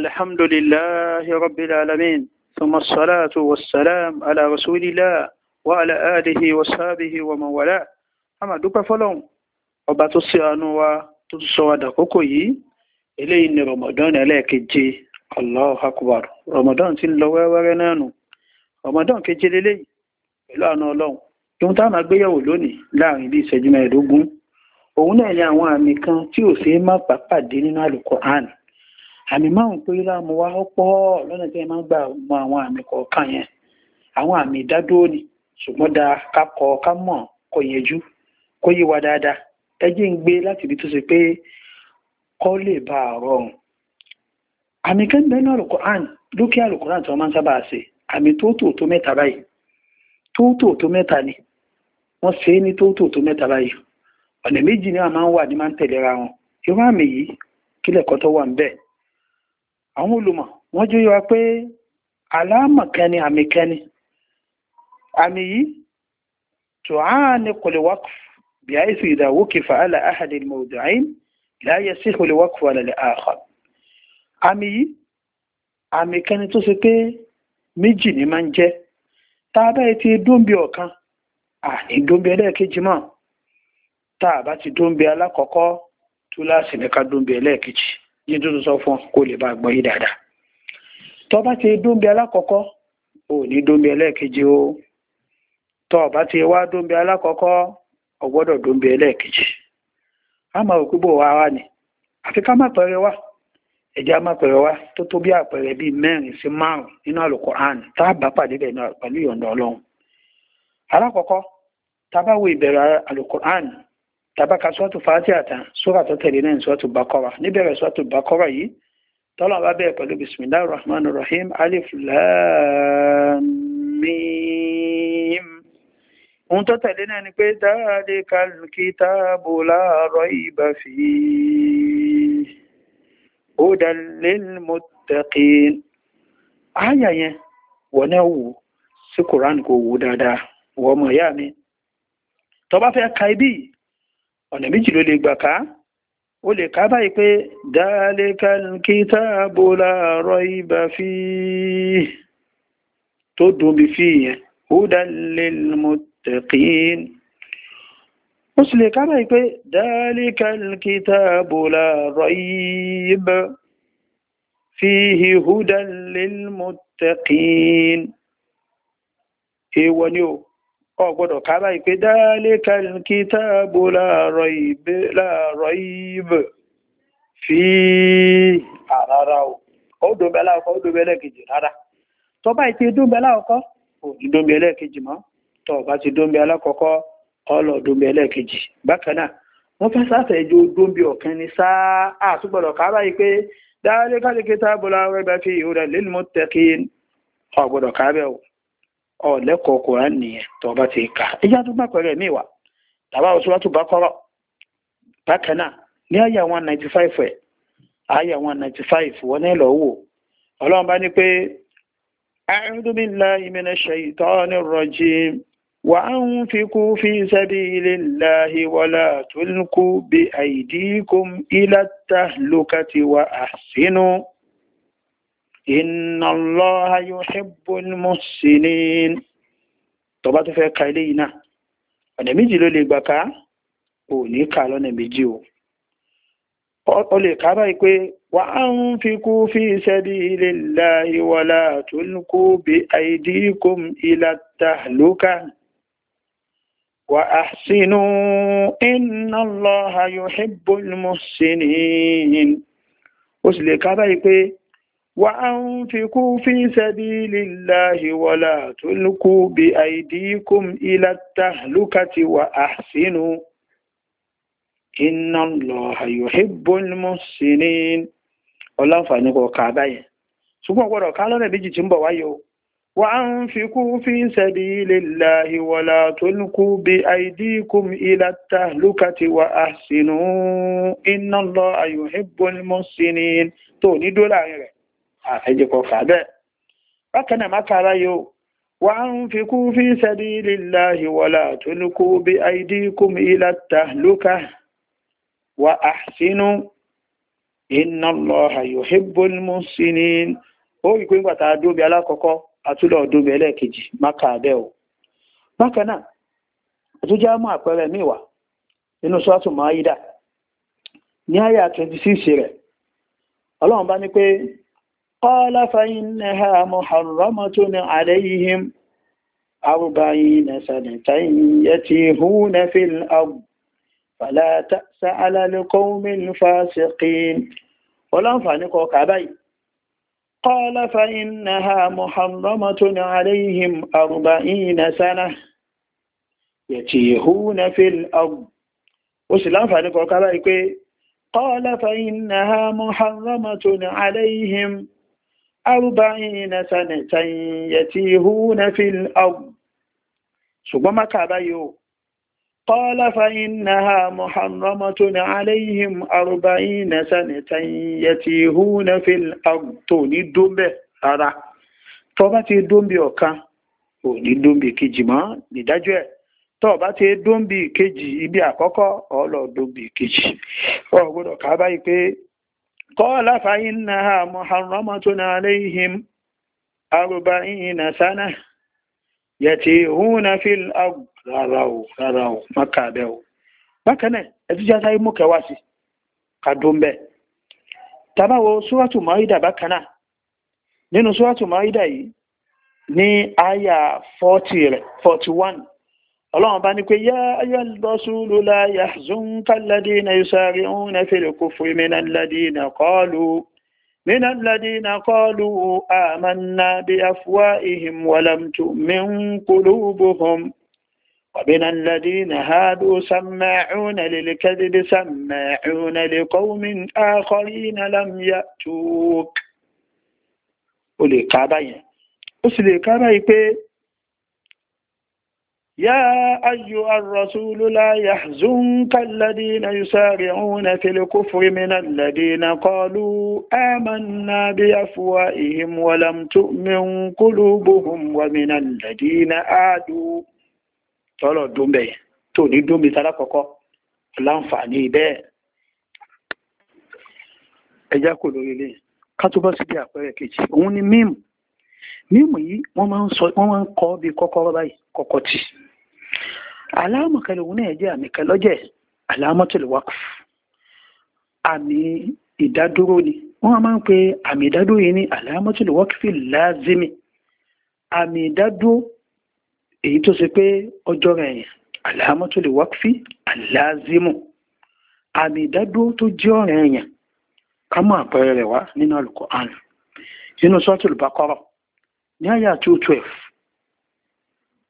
الحمد لله رب العالمين ثم الصلاة والسلام على رسول الله وعلى آله وصحبه ومن والاه أما دوبا فلون ọba tó sí àánú wa tó tún sọ wa dàkókò yìí eléyìí ni Ramadan ẹlẹ́ẹ̀keje Allahu Akbar Ramadan ti ń lọ wẹ́rẹ́wẹ́rẹ́ náà nù Ramadan keje leléyìí pẹ̀lú àánú Ọlọ́run ohun táwọn agbéyẹ̀wò lónìí láàrin bí ìṣẹ́jú mẹ́ẹ̀ẹ́dógún òun náà ni àwọn àmì kan tí ò ṣeé má pàpàdé nínú Al-Qur'an àmì márùn pé láàmú wá ó pọ̀ lọ́nà tí ẹ máa ń gbà mọ àwọn àmì kọ̀ọ̀kan yẹn àwọn àmì ìdádúró ni ṣùgbọ́n da ká kọ ká mọ̀ kó yẹjú kó yé wa dáadáa ẹjẹ́ ń gbé láti ibi tó ṣe pé kọ́ lè bá a rọrùn àmì kan bẹ́ẹ̀ náà Al-Qur'an dúkìá Al-Qur'an tí wọ́n máa ń sábà ṣe àmì tóótò tó mẹ́ta báyìí tóótò tó mẹ́ta ni wọ́n ṣe é ní tóótò tó mẹ́ta báyìí ọ̀nà méjì ni wọ́n máa ń wà ní máa ń tẹ̀lera wọn irú àmì yìí kílẹ̀kọ́ tó wà ń bẹ́ẹ̀ àwọn olùmọ̀ wọ́n jó yíwa pé aláàmọ̀kẹni àmìkẹni àmì yìí tó á ní kòlèwákùf bí i sì ìdàwó kìfà alà áhàdì mọ̀dàáyìn láyé sí kòlèwákùf alàlẹ̀ àkọ́ àmì yìí àmìkẹni tó ṣe pé méjì ní máa ń jẹ́ tá a bá ti dóńbi ọ̀kan àní dóńbi ẹlẹ́ẹ̀kejì mọ́ tá ti dóńbi alákọ̀ọ́kọ́ túláàsì ní ká dóńbi ẹlẹ́ẹ̀kejì yí tó sọ fún kó lè bá gbọ́ yí dáadáa tó bá ti alákọ̀ọ́kọ́ ò ní o tó bá ti wá dóńbi alákọ̀ọ́kọ́ ò gbọ́dọ̀ dóńbi a máa ni àfi ká má pẹ̀rẹ̀ wá ẹ̀jẹ̀ á má pẹ̀rẹ̀ wá tó tó bí àpẹẹrẹ bíi mẹ́rin sí márùn nínú Al-Qur'an tá a bá pàdé bẹ̀ náà pẹ̀lú tabaka sọ́ọ̀tù fatiha tán sóra tó tẹ̀lé náà sọ́ọ̀tù bakora níbẹ̀rẹ̀ sọ́ọ̀tù bakora yìí tọ́lọ́ bá bẹ̀rẹ̀ pẹ̀lú bisimilahi rahman rahim alif lam mim ohun tó tẹ̀lé náà ni pé dalikal kitabu la raiba fihi hudan lil muttaqin àyà yẹn wọ́n náà wò sí kò wò dáadáa wọ́n mọ̀ ìyá mi tó bá fẹ́ ka ibi yìí ọ̀nà méjì ló lè gbà ká ó lè ká báyìí pé dálékàlù kitabu la raiba fih tó dùn bí fi yẹn hudan lil muttaqin ó sì lè ká báyìí pé dálékàlù kitabu la raiba fihi hudan lil muttaqin èèwọ̀ ni o. ọ gbọdọ ká báyìí pé dhalika fi àrárá o ó dòbẹ́ láàkọ́ ó dòbẹ́ lẹ́ẹ̀kejì rárá tó bá ti dòbẹ́ láàkọ́ ní dòbẹ́ lẹ́ẹ̀kejì mọ́ tó bá ti dòbẹ́ alákọ̀ọ́kọ́ ọlọ́ wọ́n fẹ́ sáfẹ́ ju ọ̀kan ni sáà àtúgbọ̀dọ̀ fi ọ̀gbọ̀dọ̀ bẹ́ẹ̀ o ọ̀lẹ́kọ̀ọ́ koran nìyẹn tó bá ti kà ẹjá tó bá pẹ̀rẹ̀ mí wà tàbá Sūratu Baqara bákan náà ní àyà 195 ẹ̀ àyà 195 wọ́n ní lọ wò ọlọ́run bá ní pé a'udhu billahi minash shaitani rrajim wa anfiqu fi sabilillahi wa la tulqu bi aydikum ila tahlukati wa ahsinu. inna Allaha yuhibbul muhsinin tó bá tó fẹ́ ka ilé yìí náà ọ̀nà méjì ló lè gbà ká ò ní kà lọ́nà méjì o ó lè ká báyìí pé wa anfiqu fi sabilillahi wala tulqu bi aydikum ila tahluka wa ahsinu inna Allaha yuhibbul muhsinin ó sì lè ká báyìí pé وأنفقوا في سبيل الله ولا تلقوا بأيديكم إلى التهلكة وأحسنوا إن الله يحب المحسنين ọlọ́nfààní kò kà báyìí ṣùgbọ́n gbọ́dọ̀ ká lọ́nà méjì tí ń bọ̀ wáyé o wa anfiqu fi sabilillahi wala tulqu bi aydikum ila tahlukati wa ahsinu inna Allaha yuhibbul muhsinin tó ní dó láàrin rẹ̀ àfẹ́jẹ́kọ̀ kà bẹ́ẹ̀ bákan náà máka aráyé wà ń fi kú fi sabilillahi wala tulku bi aydikum ila tahluka wa ahsinu inna Allaha yuhibbul muhsinin ó rí pé nígbàtà dóbi alákọ̀ọ́kọ́ àtúlọ̀ dóbi ẹlẹ́ẹ̀kejì o 26 rẹ̀ ọlọ́run bá ní قال فإنها محرمة عليهم أربعين سنة يتيهون في الأرض فلا تأس على القوم الفاسقين ولن فانقوا كبي قال فإنها محرمة عليهم أربعين سنة يتيهون في الأرض وسلام فانقوا كبي قال فإنها محرمة عليهم arúbáyìn sanẹ̀tàyìnyẹ̀ tí ihu na fi ọgbù ṣùgbọ́n makaba yóò kọ́lá fàyín na ha muhammadu ni aláyìhìm arúbáyìn sanẹ̀tàyìnyẹ̀ tí ihu na fi ọgbù tó ní dómbẹ̀ rárá tó ti dómbẹ̀ ọ̀kan ò ní dómbẹ̀ kejì mọ́ nídájọ́ ti ibi قال فإنها محرمة عليهم أربعين سنة يتيهون في الأرض rárá rárá maka abẹ́ o bákanẹ̀ ẹ̀tújá sáyé mú kẹwàá sí kàdúnbẹ̀ tàbáwo súwátù Maida bákanáà nínú súwátù Maida yìí ní 41 اللهم بانك يا أيها الرسول لا يحزنك الذين يسارعون في الكفر من الذين قالوا من الذين قالوا آمنا بأفواههم ولم تؤمن قلوبهم ومن الذين هادوا سماعون للكذب سماعون لقوم آخرين لم يأتوك أولي كابين أولي كابين يا أيها الرسول لا يحزنك الذين يسارعون في الكفر من الذين قالوا آمنا بأفوائهم ولم تؤمن قلوبهم ومن الذين آدوا tọ́lọ̀ dùn bẹ́ẹ̀ tó ní dùn bí sára kọ́kọ́ láǹfààní bẹ́ẹ̀ ẹjá kò lórí ilé ká tó bá sí bí àpẹẹrẹ kejì òun ni mímu mímu yìí wọ́n máa ń kọ́ bí kọ́kọ́rọ́ báyìí kọ́kọ́ tì í Alama kan lòun náà jẹ́ àmì kan lọ́jẹ̀ aláàmọ́tul àmì ìdádúró ni wọ́n máa ń pe àmì ìdádúró yìí ní aláàmọ́tul waqf láàzímì àmì ìdádúró èyí tó ṣe pé ọjọ́ rẹ̀ yẹn aláàmọ́tul waqf aláàzímù àmì ìdádúró tó jẹ́ ọ̀rẹ́ yẹn ká mú àpẹẹrẹ rẹ̀ wá nínú Al-Qur'an nínú suratul Baqara ní àyà 212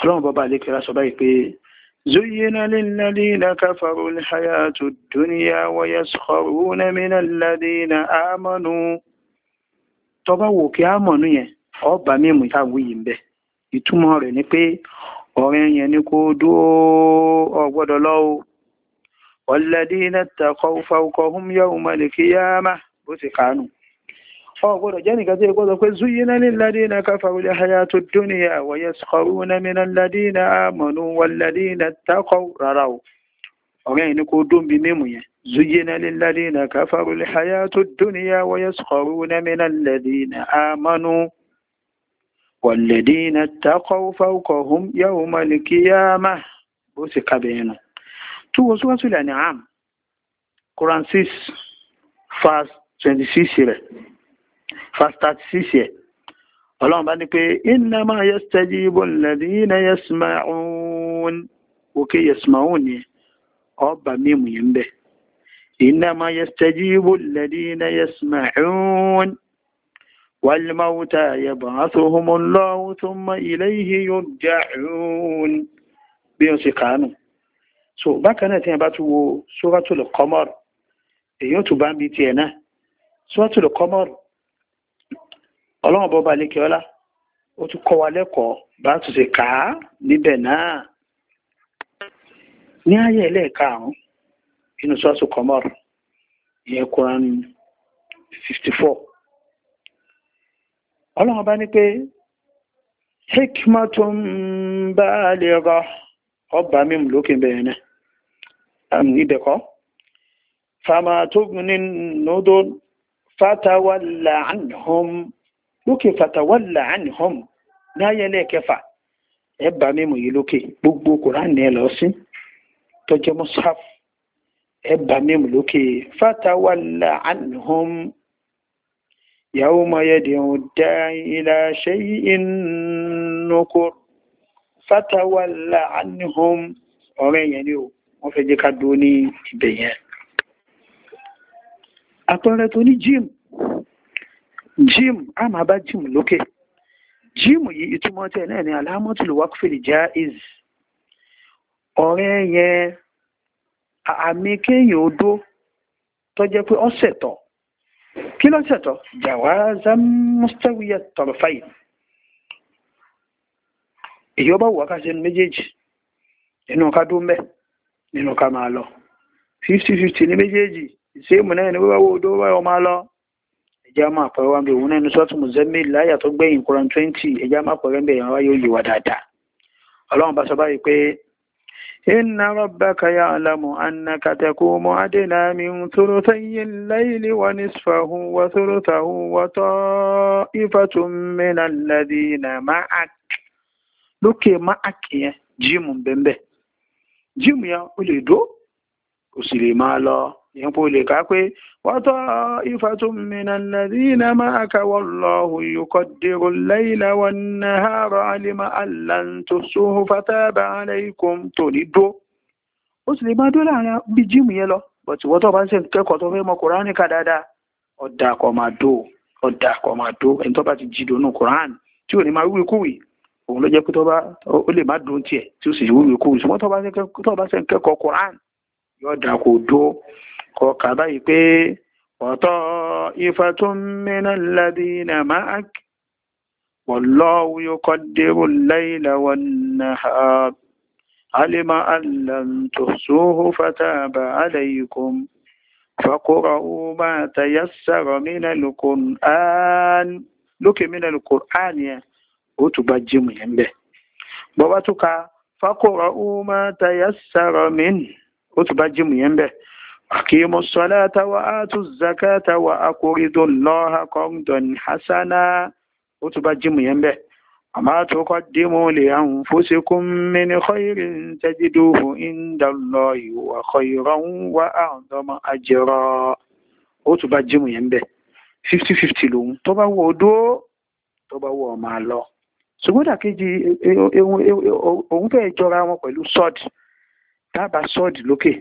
ọlọ́run bàbá àlékèrè sọ báyìí pé زين للذين كفروا الحياة الدنيا ويسخرون من الذين آمنوا tọba wò kí a mọ̀ nìyẹn ọba mímu ìtàwé yìí ń bẹ ìtumọ̀ rẹ̀ ni pé ọ̀rẹ́ yẹn ni kò dúró ọ̀gbọ́dọ̀ lọ́wọ́ والذين اتقوا فوقهم يوم القيامة bó ti kàánù ọgbọ́dọ̀ jẹ́ nìkan tí ó gbọ́dọ̀ pé zuyina lilladina kafaru alhayatu dunya wa yaskharuna minal ladina amanu wal ladina taqaw rárá o ọ̀rẹ́ yìí ni kó dóńbi mímú yẹn zuyina lilladina kafaru alhayatu dunya wa yaskharuna minal ladina amanu wal ladina taqaw fawqahum yawmal qiyamah bó ti kábẹ̀ yẹn nù. túwọ́ suratul an'am Quran 6 verse 26 rẹ̀ fastat six yẹ ọlọ́run bá ní pé innama yastajibu alladhina yasma'un òkè yasma'un ni ọba mímu yẹn bẹ innama yastajibu alladhina yasma'un wal mawta yab'athuhumullahu thumma ilayhi yurja'un bí wọ́n ṣe kàánù so bákan náà tí wọ́n bá tún wo suratul qamar èyí ó tún bá ń bi tiẹ̀ náà suratul qamar ọlọ́run bọba lékè ọlá ó tún kọ́ wa lẹ́kọ̀ọ́ bá tún ṣe kà á níbẹ̀ náà ní ayé ẹlẹ́ẹ̀karùn-ún inú sọ́ọ̀sì kọmọ́rù ìyẹn Quran 54 ọlọ́run bá ní pé hikmatun baligha ọba mímu lókè bẹ̀rẹ̀ náà ìbẹ̀kọ́ fama tughni nudur fatawalla anhum lókè fatawalla anhum láyẹlẹ kẹfà ẹ bá mímú yìí lókè gbogbo kùránì ẹ lọ sí tọjọ mushaf ẹ bá mímú lókè fatawalla anhum yawma yad'u da'i ila shay'in nukur fatawalla anhum ọ̀rẹ́ yẹn ni o wọ́n fẹ́ jẹ́ ká dúró ní ibẹ̀ yẹn. àpẹẹrẹ tó ní jíìmù jim a máa bá jim lókè jim yìí ìtumọ̀ tẹ̀ náà ni alámọ́tòlù wákùfìlì jaiz ọ̀rẹ́ yẹn àmì kéèyàn ó dó tọ́jẹ́ pé ọ̀sẹ̀ tọ̀ kí ló ṣẹ̀tọ̀ jàwáza mustawiya tọrọfàì èyí ọba wà ká ṣe méjèèjì nínú ká dún bẹ́ nínú ká máa lọ 50-50 ní méjèèjì ìṣe ìmúnáyà ní wíwáwó odó wáyọ máa lọ ẹja máa pẹ̀rẹ̀ wá bí òun náà ní sọ́ọ̀tù muzamil láyà tó gbẹ̀yìn Quran twenty ẹja máa pẹ̀rẹ̀ ń bẹ̀yàn wáyé òye wà dáadáa ọlọ́run bá sọ báyìí pé inna rabbaka ya'lamu annaka taqumu adna min thuluthayi al-layli wa nisfahu wa thuluthahu wa ta'ifatun min alladhina ma'ak lókè ma'ak yẹn jíìmù bẹ́ẹ̀ bẹ́ẹ̀ jíìmù yẹn ó lè dó ó sì lè máa lọ ìyẹn kò lè ká pé wọ́tọ́ ìfàtúnmìnà nàdínà máa kàwọ́ lọ́hù yóò dèrò lẹ́yìnà wọn náà àárọ̀ alima aláǹtò sóhù fatábà aláìkùn tó ní dó ó sì lè máa dó láàrin bí jíìmù yẹn lọ bọ̀tí wọ́tọ́ bá ń ṣe kẹ́kọ̀ọ́ tó fẹ́ mọ kùránì ká dáadáa ọ̀dà kọ̀ máa dó ọ̀dà kọ̀ máa dó ẹni tó bá ti jí dònú kùránì tí ò ní máa wíwí kúwì òun ló jẹ́ pé tó bá ó lè má dùn tiẹ̀ tí ó sì wíwí kúwì ṣùgbọ́n tó bá ṣe kẹ́kọ̀ọ́ kùránì yóò dà kó dó kọ kà báyìí pé ọ̀tọ̀ ifatun minal ladina ma'ak wallahu yuqaddiru al-layla wan-nahar alima an lam tuhsuhu fataba alaykum faqra'u ma tayassara minal Qur'an lókè minal Qur'an yẹn ó tún bá jíìmù yẹn yẹn bẹ́ẹ̀ aqimu salata wa atu zakata wa akuridu llaha qardan hasana ó tún bá jíìmù yẹn bẹ́ẹ̀ àmọ́ tuqaddimu li anfusikum min khairin tajiduhu inda Allahi wa khairan wa a'zama ajra ó tún bá jíìmù yẹn bẹ́ẹ̀ fifty fifty lòun tó bá wọ odó tó bá wọ ọmọ àlọ́ ṣùgbọ́n dàkejì òun fẹ́ jọra wọn pẹ̀lú sọ́ọ̀dì dábàá sọ́ọ̀dì lókè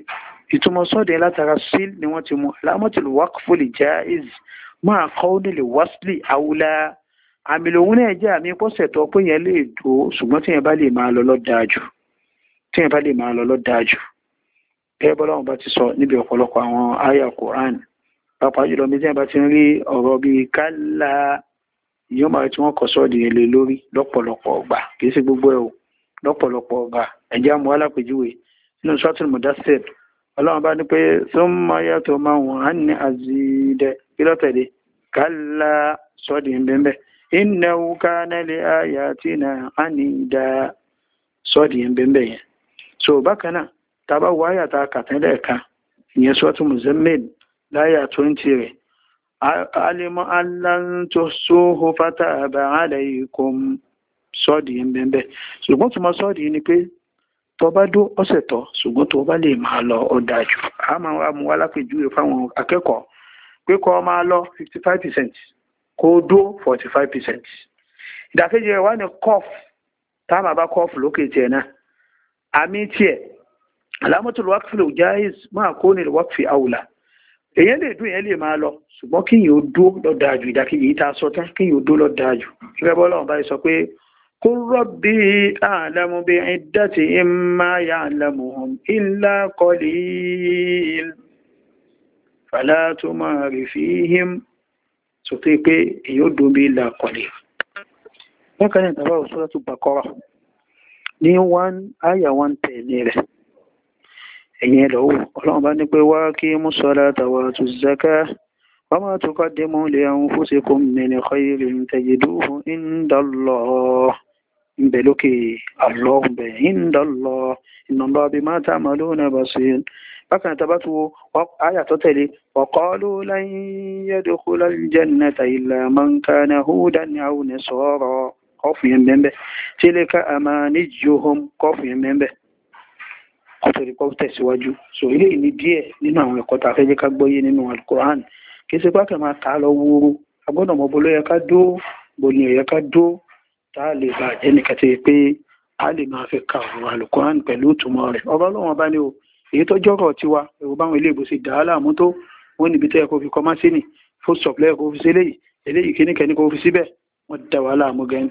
ìtumọ̀ sọ́ọ̀dẹ̀ látara síl ni wọ́n ti mú alámọ̀tìlù wákùfù lè já is máa kọ́ nílé wáṣílì àwùlá àmì lòun náà jẹ́ àmì pọ́sẹ̀ tó pé yẹn lè tó ṣùgbọ́n tíyẹn bá lè máa lọ lọ́dáàjù tíyẹn bá lè máa lọ lọ́dáàjù bẹ́ẹ̀ bọ́lá wọn bá ti sọ níbi ọ̀pọ̀lọpọ̀ àwọn àyà Quran pàápàá jùlọ mi tíyẹn bá ti ń rí ọ̀rọ̀ bíi kálá ìyẹn máa tí wọ́n kọ sọ́ọ̀dì yẹn lé lórí lọ́pọ̀lọpọ̀ ọgbà kì í ṣe gbogbo ẹ̀ o lọ́pọ̀lọpọ̀ ọgbà ẹ̀jẹ̀ àmú alápèjúwe nínú sọ́tún mọ̀dásẹ́ẹ̀tì ọlọ́run bá ní pé súnmọ́ yàtọ̀ máa wọ̀n á ní àzìdẹ̀ kílọ̀tẹ̀lẹ̀ kálá sọ́ọ̀dì ńbẹ́ńbẹ́ innahu kana li ayatina anida sọ́ọ̀dì ńbẹ́ńbẹ́ yẹn so bákan náà tàbá wọ àyàtà kàtẹ́lẹ̀ kan ìyẹn sọ́ọ̀tù muzammil láyà twenty rẹ̀ alimọ́ aláǹtọ́sóhó fataba alaykum sọ́ọ̀dì ńbẹ́ńbẹ́ ṣùgbọ́n tó máa sọ́ọ̀dì ni pé tó bá dó ọ̀sẹ̀ tọ́ ṣùgbọ́n tó bá lè máa lọ ó dáa jù a máa wá mú alápèjúwe fáwọn akẹ́kọ̀ọ́ pé kó máa lọ fifty five percent kó dó forty five percent ìdàkejì rẹ̀ wá ní cough táwọn bàbá cough lókè tiẹ̀ náà àmì tiẹ̀ alámọ̀tò lọ́wọ́kì lò jáìz máa kó ní lọ́wọ́kì àwùlà èyàn lè dún èyàn lè máa lọ ṣùgbọ́n kíyìn ó dó lọ́ọ́ dáa jù ìdàkejì yìí tá a sọ tán kíyìn ó dó lọ́ọ́ dáa jù gẹ́gẹ́ bọ́lá قل ربي أعلم بعدتهم ما يعلمهم إلا قليل فلا تمار فيهم سطيقي يدب إلا قليل لكن يتبعوا سورة البقرة ní one aya one ten rẹ̀ ẹ̀yìn ẹ̀lọ́wọ́ ọlọ́run bá ní pé wá kí mú sọ́lá tàwà tó zaka wọ́n máa tó kọ́ dé mú lè àwọn fúnṣe kó mẹ́rin khairin tajiduhu inda Allah ń bẹ lókè àlọ́ ń bẹ ìndọ́lọ́ ìnàlọ́ bí máa tá àmọ́ lóhùn náà bá ṣe bákan tá a bá tún wo àyà tó tẹ̀lé وقالوا لن يدخل الجنة إلا من كان هودا أو نصارى kọfù yẹn bẹ́ẹ̀ tílẹ̀ká àmà ní jihom kọfù yẹn bẹ́ẹ̀ kọtòrí kọ́ tẹ̀síwájú so ilé ìní díẹ̀ nínú àwọn ẹ̀kọ́ tá a fẹ́ jẹ́ ká gbọ́yé nínú alukoran kì í ṣe pé kẹ́ máa ta lọ wúru agbọ́dọ̀ mọ̀ bó ló yẹ ká dó bó ni ó yẹ ká dó tá a lè bá jẹ́ nìkan ti pé a lè máa fi ka ọ̀rọ̀ alukoran pẹ̀lú ìtumọ̀ rẹ̀ ọba ọlọ́wọ́n bá ní o èyí tó jọ́rọ̀ tiwa ẹ̀rọ báwọn ilé ìbòsí dà á láàmú tó wọ́n níbi tẹ́ kó fi kọ́ má sí ni full stop lẹ́yìn kó fi sí eléyìí eléyìí kíní kẹ́ni kó fi síbẹ̀ wọ́n dà wá láàmú gẹ̀ẹ́ni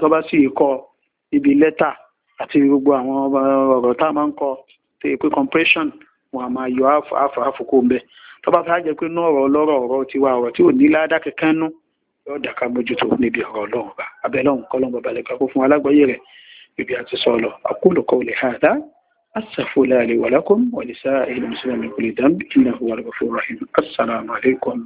tó bá sì kọ ibi lẹ́tà àti gbogbo àwọn ọ̀rọ̀ tá a máa ń kọ tó yẹ pé compression wọn a máa yọ àfọ̀ àfọ̀ àfọ̀ kó ń bẹ tó bá fẹ́ yóò dàka mójútó níbi ọ̀rọ̀ ọlọ́run bá abẹ́lọ́run kọ́lọ́n bàbá lẹ́ka kó fún alágbọ́yé rẹ̀ bíbi àti sọ́ọ̀lọ̀ aqulu qawli hadha astaghfirullahi li wa lakum wa lisa'iril muslimina min kulli dhanbin innahu huwal ghafurur rahim assalamu alaikum